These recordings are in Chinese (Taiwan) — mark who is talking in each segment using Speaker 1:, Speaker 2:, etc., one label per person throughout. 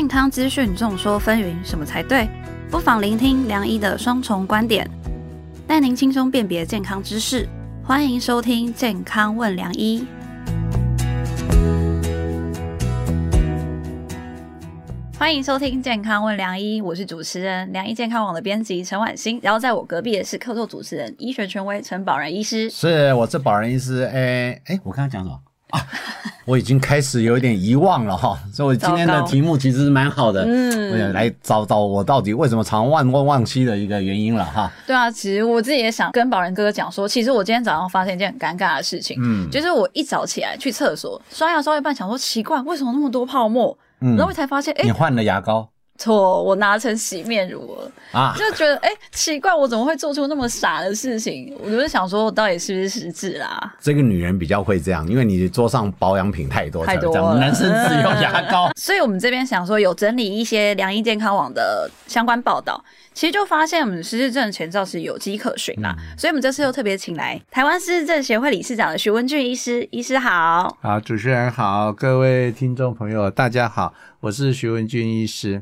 Speaker 1: 健康資訊眾說紛紜，什麼才對？不妨聆聽良醫的雙重觀點，帶您輕鬆辨別健康知識。歡迎收聽《健康問良醫》，歡迎收聽《健康問良醫》，我是主持人良醫健康網的編輯陳宛欣，然後在我隔壁的是客座主持人醫學權威陳保仁醫師，
Speaker 2: 是，我是保仁醫師。哎、欸、哎、欸，我剛剛講什麼啊？ 我已經開始有一點遺忘了哈，所以我今天的題目其實是蠻好的，嗯，我也來找找我到底為什麼常忘東忘西的一個原因了哈。
Speaker 1: 對啊，其實我自己也想跟保仁哥哥講說，其實我今天早上發現一件很尷尬的事情，嗯，就是我一早起來去廁所刷牙刷一半，想說奇怪為什麼那麼多泡沫，嗯，然後我才發現，哎，你換了牙膏。錯，我拿成洗面乳了啊！就覺得哎、欸，奇怪，我怎麼會做出那麼傻的事情？我就是想說，我到底是不是失智啦？
Speaker 2: 這個女人比較會這樣，因為你桌上保養品太多，太多了，男生只有牙
Speaker 1: 膏。嗯、所以我們這邊想說，有整理一些良醫健康網的相關報道，其實就發現我們失智症的前兆是有跡可循啦、嗯。所以我們這次又特別請來台灣失智症協會理事長的徐文俊醫師，醫師好，
Speaker 3: 好，主持人好，各位聽眾朋友大家好，我是徐文俊醫師。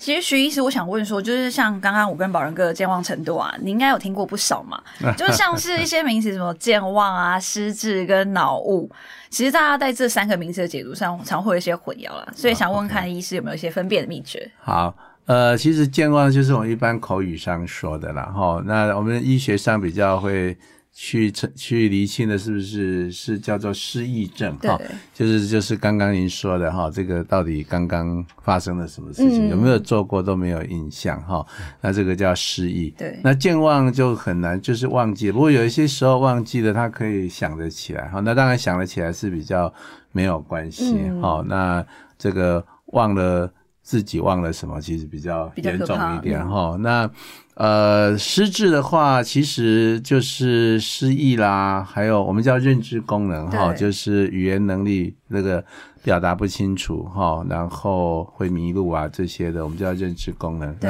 Speaker 1: 其實徐醫師，我想問說，就是像剛剛我跟保仁哥的健忘程度啊，你應該有聽過不少嘛，就像是一些名詞，什麼健忘啊、 失智跟腦霧，其實大家在這三個名詞的解讀上，常會有一些混淆了，所以想問問看醫師有沒有一些分辨的秘訣？哦 okay.
Speaker 3: 好，呃，其實健忘就是我們一般口語上說的啦，吼，那我們醫學上比較會。去去釐清的是不是是叫做失憶症？哈、哦，就是就是剛剛您說的哈，這個到底剛剛發生了什麼事情？嗯、有沒有做過都沒有印象？哈、哦，那這個叫失憶。對，那健忘就很難，就是忘記。如果有一些時候忘記了，他可以想得起來。哈、哦，那當然想得起來是比較沒有關係。哈、嗯哦，那這個忘了自己忘了什麼，其實比較比較嚴重一點。哈，那。呃，失智的話，其實就是失憶啦，還有我們叫認知功能，哈、哦，就是語言能力那個表達不清楚，哈，然後會迷路啊這些的，我們叫認知功能。那、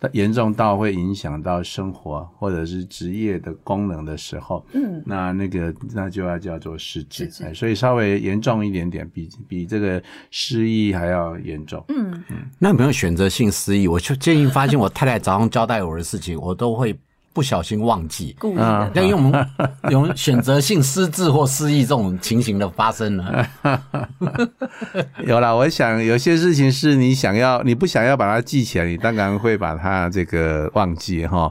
Speaker 3: 呃、嚴重到會影響到生活或者是職業的功能的時候，嗯，那那個那就要叫做失智。嗯、所以稍微嚴重一點點，比比這個失憶還要嚴重。嗯，嗯，那有沒有選擇性失憶？我就
Speaker 2: 建議發現我太太早上交代我。 事情我都會不小心忘記，故意的，但因為我們有選擇性失智或失憶這種情形的發生呢，
Speaker 3: 有了。我想有些事情是你想要，你不想要把它記起來，你當然會把它這個忘記哈。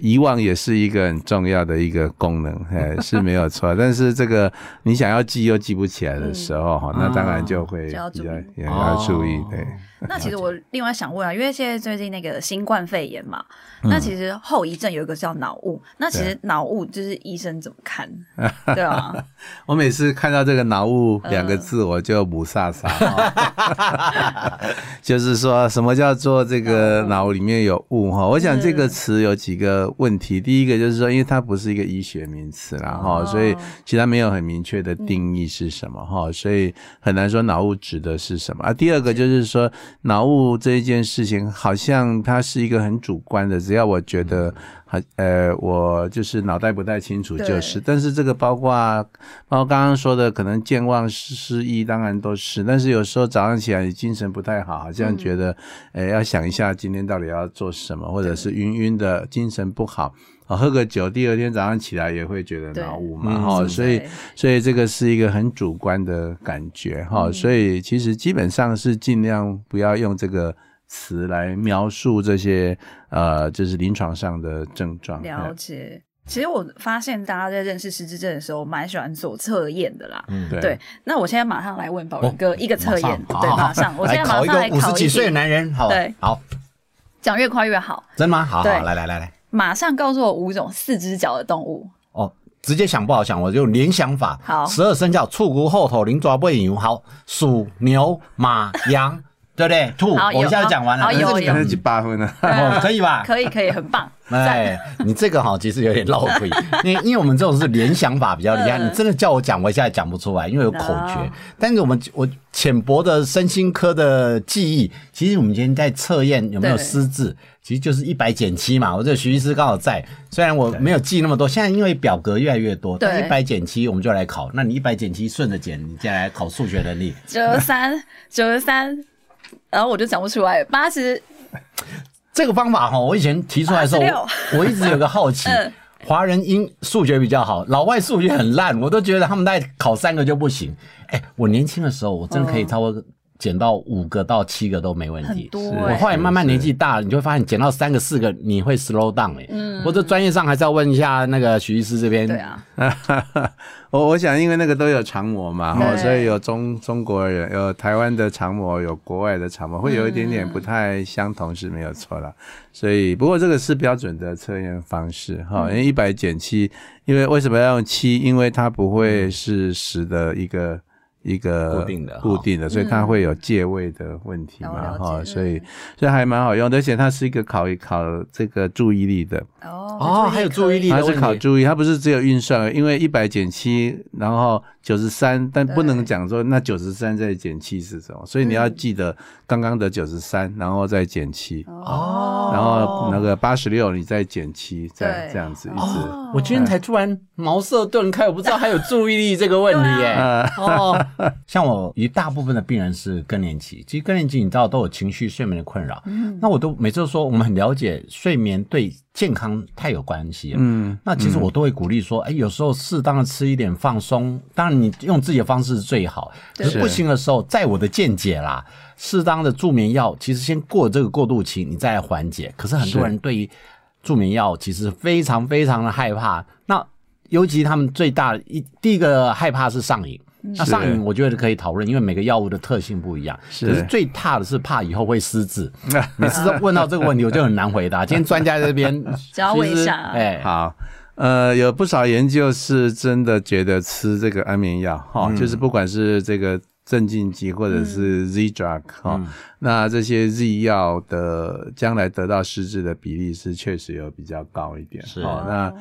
Speaker 3: 遺 忘也是一個很重要的一個功能，哎是沒有錯。但是這個你想要記又記不起來的時候、嗯、那當然就會也要、哦、也要注意對。
Speaker 1: 那其實我另外想問啊，因為現在最近那個新冠肺炎嘛，嗯、那其實後遺症有一個叫腦霧、嗯，那其實腦霧就是醫生怎麼看？對啊， 對啊
Speaker 3: 我每次看到這個腦“腦霧”兩個字，我就霧煞煞，呃、 就是說什麼叫做這個腦裡面有霧哈？我想這個詞有幾個問題，第一個就是說，因為它不是一個醫學名詞啦、哦，所以其他沒有很明確的定義是什麼哈、嗯，所以很難說腦霧指的是什麼啊。第二個就是說。腦霧這一件事情，好像它是一個很主觀的，只要我覺得，好、嗯，呃，我就是腦袋不太清楚就是，但是這個包括包括剛剛說的，可能健忘、失憶，當然都是，但是有時候早上起來精神不太好，好像覺得、嗯，呃，要想一下今天到底要做什麼，或者是暈暈的，精神不好。啊，喝個酒，第二天早上起來也會覺得腦霧嘛，哈、嗯，所以，所以這個是一個很主觀的感覺，哈、嗯，所以其實基本上是儘量不要用這個詞來描述這些，呃，就是臨床上的症狀。了解，
Speaker 1: 其實我發現大家在認識失智症的時候，蠻喜歡做測驗的啦。嗯，對。那我現在馬上來問保仁哥、哦、一個測驗，對，馬上。我現在馬上來考一個五十幾歲的男人，好，對好，講越快越好，
Speaker 2: 真嗎？好，好，好，好，來來來來。
Speaker 1: 馬上告訴我五種四隻腳的動物
Speaker 2: 哦，直接想不好想，我就有聯想法。好，十二生肖，觸骨後頭靈抓不引用，好，鼠牛馬羊。 對不對？吐，我一下就講完了，這是百分之八分了，可以吧？可
Speaker 1: 以，可以，很棒。哎
Speaker 2: 對， 你這個哈，其實有點浪費，因 因為我們這種是聯想法比較厲害、嗯，你真的叫我講，我一下也講不出來，因為有口訣、嗯。但是我們我淺薄的身心科的記憶，其實我們今天在測驗有沒有失智，其實就是一百減七嘛。我這個徐醫師剛好在，雖然我沒有記那麼多，現在因為表格越來越多，對，一百減七我們就來考。那你一百減七順着減，你再來考數學能力，
Speaker 1: 九十三，九十三。然後我就講不出來八十，
Speaker 2: 這個方法哈、哦，我以前提出來的時候，我,我一直有個好奇、 嗯，華人英數學比較好，老外數學很爛，我都覺得他們在考三個就不行。哎，我年輕的時候，我真的可以超過、嗯。減到五個到七個都沒問題，是，我後來慢慢年紀大了，你就會發現減到三個四個你會 slow down、欸、嗯。或者專業上還是要問一下那個徐醫師這邊。對啊，
Speaker 3: 我我想因為那個都有常模嘛，所以有中中國人有台灣的常模，有國外的常模，會有一點點不太相同是沒有錯啦、嗯。所以不過這個是標準的測驗方式哈，因為一百減七，因為為什麼要用七？因為它不會是十的一個。一個固定的、嗯、固定的，所以它會有借位的問題嘛哈、嗯哦，所以所以還蠻好用，而且它是一個考一考這個注意力的
Speaker 2: 哦哦，還有注意力、哦、還有注意力是考注
Speaker 3: 意，它不是只有運算，因為一百減七，然後九十三，但不能講說那九十三再減七是什麼，所以你要記得剛剛的九十三，然後再減七哦，然後那個八十六你再減七，再這樣子一直。哦嗯、
Speaker 2: 我今天才突然茅塞頓開，我不知道還有注意力這個問題哎、欸、 哦。
Speaker 3: 像我一大
Speaker 2: 部分的病人是更年期，其實更年期你知道都有情緒、睡眠的困擾。嗯，那我都每次說，我們很了解睡眠對健康太有關係了。嗯，那其實我都會鼓勵說，嗯，哎，有時候適當的吃一點放鬆，當然你用自己的方式是最好。可是不行的時候，在我的見解啦，適當的助眠藥其實先過這個過渡期，你再來緩解。可是很多人對於助眠藥其實非常非常的害怕，那尤其他們最大一第一個害怕是上癮。那上癮，我覺得可以討論，因為每個藥物的特性不一樣。是。可是最怕的是怕以後會失智。
Speaker 3: 每次都問到這個問題，我就很難回答。 今天專家在這邊， 只要問一下、啊、好。呃，有不少研究是真的覺得吃這個安眠藥哈、嗯哦，就是不管是這個鎮靜劑或者是 Z drug 哈、嗯哦嗯，那這些 Z 藥的將來得到失智的比例是確實有比較高一點。是啊、哦。那。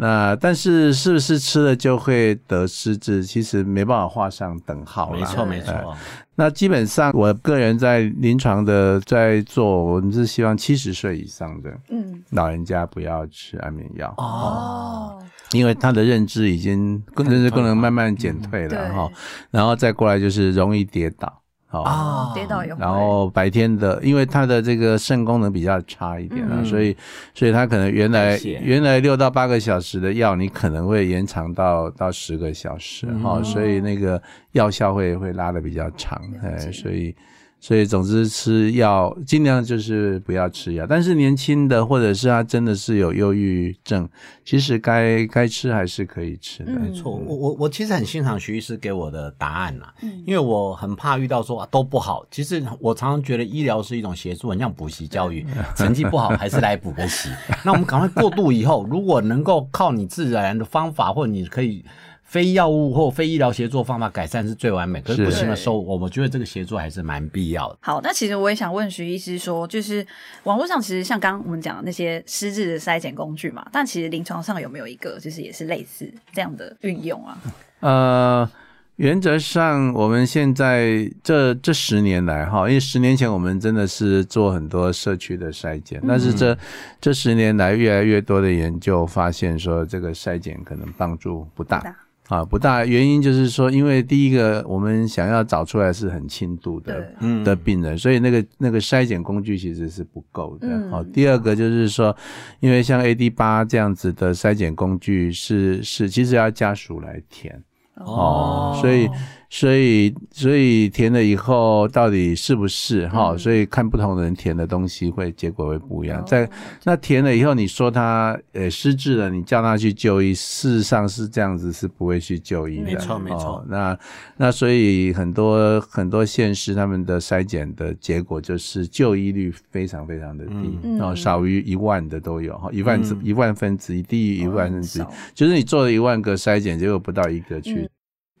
Speaker 3: 那但是是不是吃了就會得失智？其實沒辦法畫上等號？沒錯沒錯、嗯。那基本上我個人在臨床的在做，我們是希望七十歲以上的嗯老人家不要吃安眠藥哦，因為他的認知已經認知、嗯、功能慢慢減退了哈、嗯嗯，然後然後再過來就是容易跌倒。哦、oh，然後白天的，哦、因為他的這個腎功能比較差一點啊，嗯、所以，所以他可能原來、嗯、原來六到八個小時的藥，你可能會延長到到十個小時，哈、嗯哦，所以那個藥效會會拉得比較長，哎、嗯嗯，所以。所以，總之吃藥盡量就是不要吃藥。但是年輕的，或者是他真的是有憂鬱症，其實該該吃還是可以吃
Speaker 2: 的，沒、嗯、錯、嗯。我我我其實很欣賞徐醫師給我的答案啦、啊嗯，因為我很怕遇到說、啊、都不好。其實我常常覺得醫療是一種協助，很像補習教育，嗯、 成績不好還是來補個習。 那我們趕快過渡以後，如果能夠靠你自然的方法，或者你可以。非藥物或非醫療協作方法改善是最完美，是可是不行的時候，我們覺得這個協作還是蠻必要的。
Speaker 1: 好，那其實我也想問徐醫師說，就是網絡上其實像剛剛我們講的那些失智的篩檢工具嘛，但其實臨床上有沒有一個，其實也是類似這樣的運用啊？
Speaker 3: 呃，原則上我們現在這這十年來哈，因為十年前我們真的是做很多社區的篩檢、嗯，但是這這十年來越來越多的研究發現說，這個篩檢可能幫助不大。不大啊，不大，原因就是說，因為第一個，我們想要找出來是很輕度的的病人，所以那個那個篩檢工具其實是不夠的。好、嗯哦，第二個就是說，因為像 AD 八這樣子的篩檢工具是是，其實要家屬來填，哦，哦所以。所以，所以填了以後到底是不是哈、嗯？所以看不同的人填的東西會，會結果會不一樣。嗯、在那填了以後，你說他呃、欸、失智了，你叫他去就醫，事實上是這樣子，是不會去就醫的。沒錯、哦，沒錯。那那所以很多很多縣市他們的篩檢的結果就是就醫率非常非常的低，然、嗯、後、哦、少於一萬的都有，哈、嗯，一萬分一萬分之一低於一萬分之一、嗯，就是你做了一萬個篩檢、嗯，結果不到一個去。嗯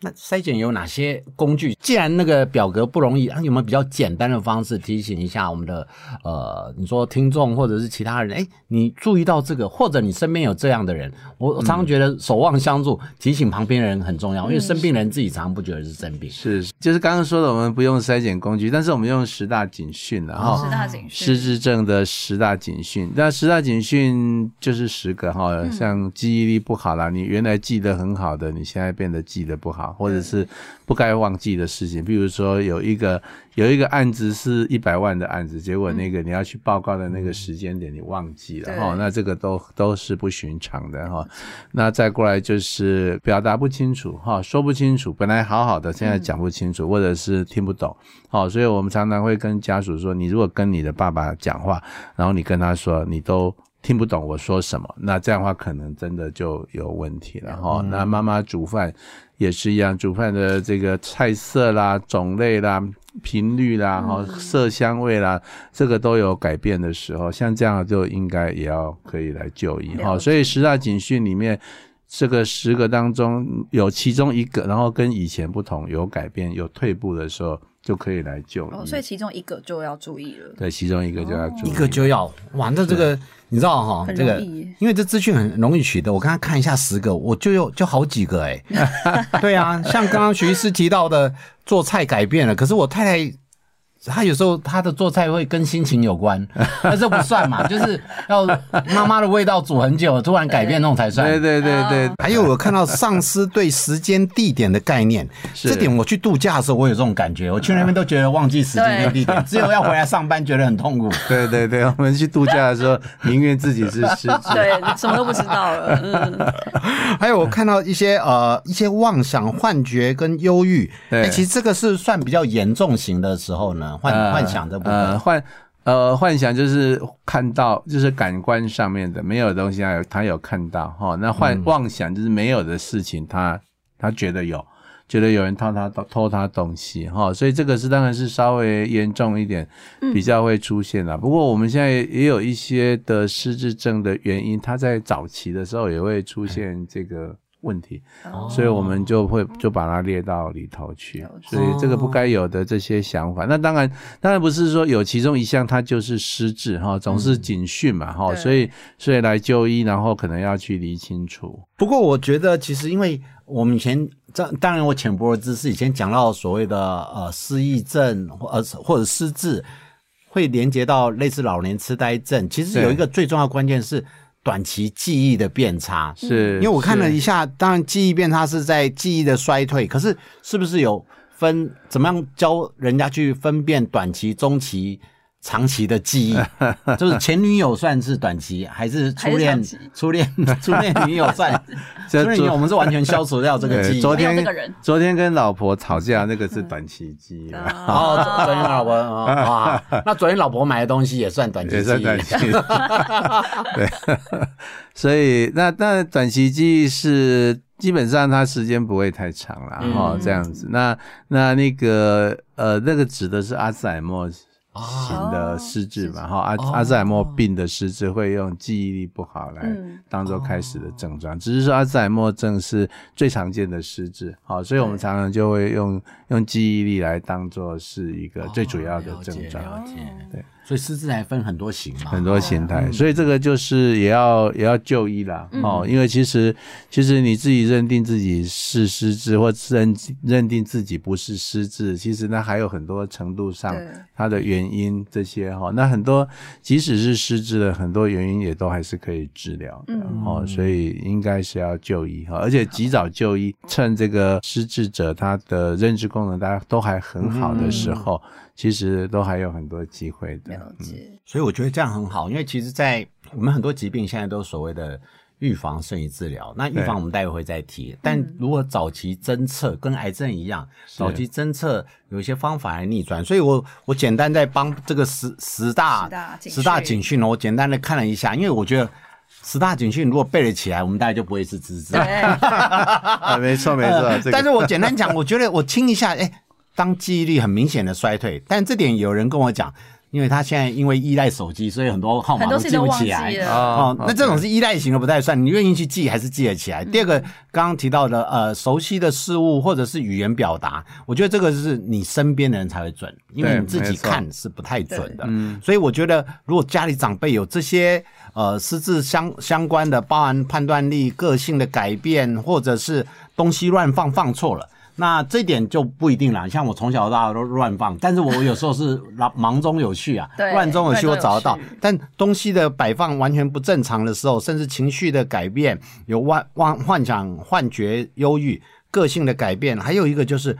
Speaker 2: 那篩檢有哪些工具？既然那個表格不容易，那、啊、有沒有比較簡單的方式提醒一下我們的呃，你說聽眾或者是其他人？哎，你注意到這個，或者你身邊有這樣的人，我我常常覺得守望
Speaker 3: 相助，提醒旁邊的人很重要，因為生
Speaker 2: 病的人自己常常不覺得是生病。
Speaker 3: 是是，就是剛剛說的，我們不用篩檢工具，但是我們用十大警訊了哈、哦。十大警訊。失智症的十大警訊，那十大警訊就是十個哈、哦，像記憶力不好啦，你原來記得很好的，你現在變得記得不好。或者是不該忘記的事情，對對對對，比如說有一個有一個案子，是一百萬的案子，結果那個你要去報告的那個時間點你忘記了哈，對對對對，那這個都都是不尋常的哈。那再過來就是表達不清楚哈，說不清楚，本來好好的現在講不清楚，或者是聽不懂，好，所以我們常常會跟家屬說，你如果跟你的爸爸講話，然後你跟他說你都。聽不懂我說什麼，那這樣的話可能真的就有問題了哈、嗯。那媽媽煮飯也是一樣，煮飯的這個菜色啦、種類啦、頻率啦、色香味啦、嗯，這個都有改變的時候，像這樣就應該也要可以來就醫哈、嗯。所以十大警訊裡面。這個十個當中有其中一個，然後跟以前不同，有改變、有退步的時候，就可以來就醫。哦，
Speaker 1: 所以其中一個就要注意了。
Speaker 3: 對，其中一個就要注意、哦。一個就要，
Speaker 2: 玩的這個你知道哈？這個因為這資訊很容易取得，我剛才看一下十個，我就有就好幾個誒、欸、 對啊，像剛剛徐醫師提到的，做菜改變了，可是我太太。他有時候他的做菜會跟心情有關，那這不算嘛，就是要媽媽的味道煮很久，突然改變那種才算。對對對對，對。還有我看到喪失對時間地點的概念是，這點我去度假的時候我有這種感覺，我去那邊都覺得忘記時間跟地點，只有要回來上班覺得很痛苦。對對對，我們去度假的時候寧願自己是失智。對，什麼都不知道了。嗯、還有我看到一些呃一些妄想、幻覺跟憂鬱，對、欸，其實這個是算比較
Speaker 3: 嚴重型的時候呢。幻幻想的，呃幻呃幻想就是看到，就是感官上面的沒有的東西，他有，他有看到哈。那幻妄想就是沒有的事情他，他、嗯、他覺得有，覺得有人偷他偷他東西哈。所以這個是當然是稍微嚴重一點，比較會出現的、嗯。不過我們現在也有一些的失智症的原因，他在早期的時候也會出現這個。嗯問題，所以我們就會就把它列到裡頭去。哦、所以這個不該有的這些想法，哦、那當然當然不是說有其中一項它就是失智哈，總是警訊嘛哈、嗯，所以所以來就醫，然後可能要去釐清楚。
Speaker 2: 不過我覺得其實因為我們以前當當然我淺薄的知識，是以前講到所謂的呃失憶症或、呃、或者失智會連接到類似老年痴呆症，其實有一個最重要關鍵是。短期記憶的變差，是因為我看了一下，當然記憶變差是在記憶的衰退，可是是不是有分？怎麼樣教人家去分辨短期、中期？長期的記憶，就是前女友算是短期，還是初戀？初戀初戀女友算？所 以我們是完全消除掉這個記憶，掉這個人。
Speaker 3: 昨天跟老婆吵架那個是短期記憶啊、嗯。哦，
Speaker 2: 昨天老婆啊、哦，那昨天老婆買的東西也算短期記憶，也算短期記
Speaker 3: 憶。 對，所以那那短期記憶是基本上它時間不會太長啦、嗯，這樣子。那那那個呃，那個指的是阿茲海默。型的失智嘛，哈，阿阿茲海默病的失智會用記憶力不好來當做開始的症狀，只是說阿茲海默症是最常見的失智，好，所以我們常常就會用用記憶力來當做是一個最主要的症狀，哦，了解、了解，對。所以失智還分很多型，很多形態，嗯，所以這個就是也要也要就醫啦，哦，嗯嗯，因為其實其實你自己認定自己是失智，或自認認定自己不是失智，其實那還有很多程度上它的原因這些哈，那很多即使是失智的很多原因也都還是可以治療的哦，嗯嗯，所以應該是要就醫哈，而且及早就醫，趁這個失智者他的認知功能大家都還很好的時候，嗯嗯嗯其實都還有很多機會的。嗯、所以我覺得這樣很好，因為其
Speaker 2: 實，在我們很多疾病現在都是所謂的預防勝於治療。那預防我們待會會再提，但如果早期偵測、嗯、跟癌症一樣，早期偵測有一些方法來逆轉。所以我我簡單在幫這個十十大十大警訊哦，我簡單的看了一下，因為我覺得十大警訊如果背得起來，我們大家就不會是失智。沒錯沒錯，但是我簡單講，我覺得我聽一下，哎、欸，當記憶力很明顯的衰退，但這點有人跟我講。因為他現在因為依賴手機，所以很多號碼都記不起來。哦、嗯，那這種是依賴型的，不太算。你願意去記還是記得起來？嗯、第二個，剛剛提到的，呃，熟悉的事物或者是語言表達，我覺得這個是你身邊的人才會準，因為你自己看是不太準的。所以我覺得如果家裡長輩有這些，呃，失智相相關的，包含判斷力、個性的改變，或者是東西亂放放錯了。那這點就不一定了，像我從小到大都亂放，但是我有時候是忙忙中有序啊，亂 中有序我找得到。 但東西的擺放完全不正常的時候，甚至情緒的改變，有妄想幻想、幻覺、憂鬱，個性的改變，還有一個就是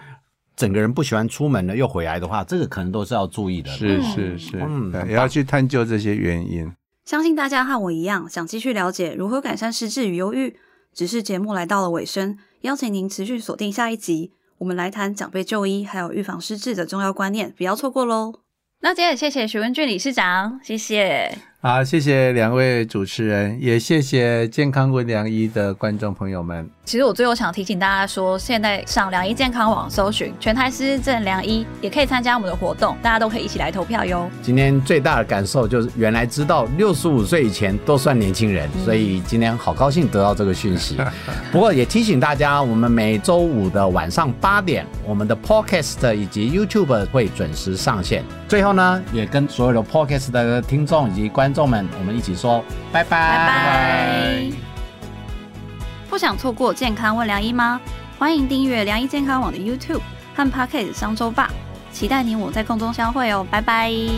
Speaker 2: 整個人不喜歡出門了又回
Speaker 3: 來的話，這個可能都是要注意的。是是是，嗯，也要去探究這些原因，嗯。
Speaker 1: 相信大家和我一樣，想繼續了解如何改善失智與憂鬱。只是節目來到了尾聲，邀請您持續鎖定下一集，我們來談長輩就醫，還有預防失智的重要觀念，不要錯過嘍。那今天也謝謝徐文俊理事長，謝謝。
Speaker 3: 好、啊，謝謝兩位主持人，也謝謝健康問良醫的觀眾朋友們。
Speaker 1: 其實我最後想提醒大家說，現在上良醫健康網搜尋全台資深良醫，也可以參加我們的活動，大家都可以一起來投票喲。
Speaker 2: 今天最大的感受就是，原來知道六十五歲以前都算年輕人，嗯，所以今天好高興得到這個訊息。 不過也提醒大家，我們每週五的晚上八點，我們的 podcast 以及 YouTube 會準時上線。最後呢，也跟所有的 Podcast 的聽眾以及觀眾們，我們一起說拜拜，拜拜。拜
Speaker 1: 拜！不想錯過健康問良醫嗎？歡迎訂閱良醫健康網的 YouTube 和 Podcast 商周吧。期待你我在空中相會哦！拜拜。